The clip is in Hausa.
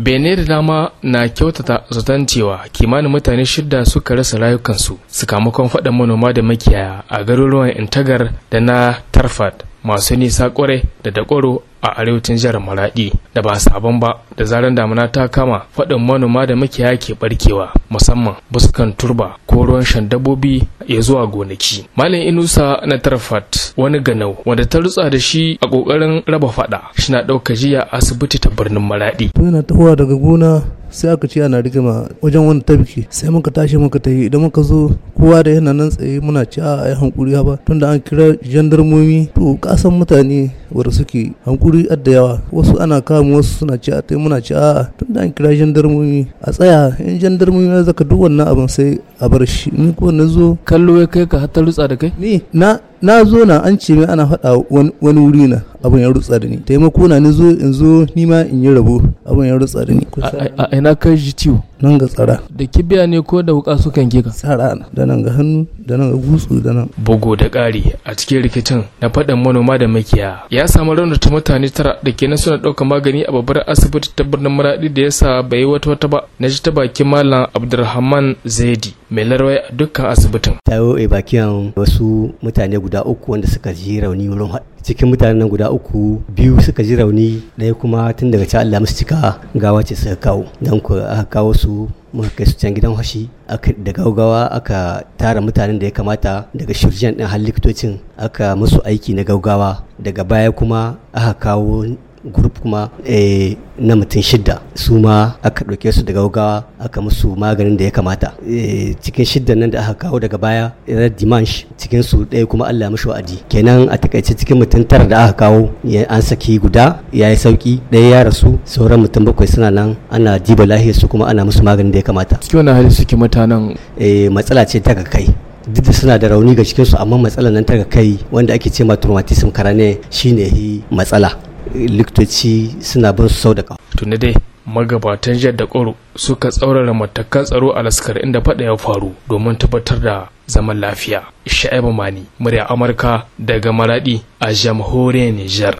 benin da dama na kyautata zaton cewa kimanin mutane shida suka rasa rayukansu sakamakon faɗan manoma da makiyaya a garuruwan intagar da na tarfat. masu nisa kwarai da dakwaro a arewacin jihar maradi da ba sabon ba da zaran damuna ta kama faɗin manoma da makiyaya ke barkewa musamman buskan turba ko ruwan shan dabbobi ya zuwa gonaki malam inusa na tarfat wani ganau wanda ta rutsa da shi a kokarin raba faɗa shi na ɗauka jiya asibiti ta birnin maradi daga gona sai aka ce ana rigima wajen wani tabki sai muka tashi muka ta yi idan muka zo kowa da yana nan tsaye muna ci a ai hankuri ba tunda an kira jandarmomi to kasan mutane wadda suke hankuri da yawa wasu ana kama wasu suna ci a muna a a'a tun da an kira jandarmomi a tsaya in jandarmomi na zaka duk wannan abin sai a bar shi ni ko na zo kallo ya kai ka hatta rutsa da kai ni na na zo na an ce mai ana faɗa wani wuri na abin ya rutsa da ni taimako na ni zo in zo ni ma in yi rabo abin ya rutsa da ni a ina kai ji ciwo nan ga tsara da kibiya ne ko da wuka sukan kika tsara da nan ga hannu da nan ga gutsu da nan bugu da ƙari a cikin rikicin na faɗin manoma da makiya ya samu raunata mutane tara da nan suna ɗaukar magani a babbar asibiti ta birnin maraɗi da yasa bai wata wata ba na ji ta bakin malam abdulrahman zaidi mai larwai a dukkan asibitin tayo a bakin wasu mutane guda uku wanda suka ji rauni wurin cikin mutanen guda uku biyu suka ji rauni ɗaya kuma tun daga can Allah musu cika gawa ce suka kawo don ku aka kawo su muka kai su can gidan hashi da gaugawa aka tara mutanen da ya kamata daga shirjan ɗin har aka musu aiki na gaugawa daga baya kuma aka kawo grup kuma eh, na mutum shidda su ma aka ɗauke su daga gaugawa aka musu maganin da ya kamata eh, cikin shidda nan da aka kawo daga baya red dimanche cikin su ɗaya kuma allah ya mashi wa'adi kenan a takaice cikin mutum tara da aka kawo an saki guda ya yi sauki ɗaya ya rasu sauran mutum bakwai suna nan ana diba lahiyar su kuma ana musu maganin da ya kamata cikin wani hali suke mutanen eh, matsala ce ta kai duk da suna da rauni ga cikinsu amma matsalar nan ta kai wanda ake ce ma traumatism karane shine matsala likitoci suna bin su sau da tuni dai magabatan jihar da ƙoro suka tsaurara matakan tsaro a laskar inda faɗa ya faru domin tabbatar da zaman lafiya sha'ibu mani murya amurka daga maradi a jamhuriyar nijar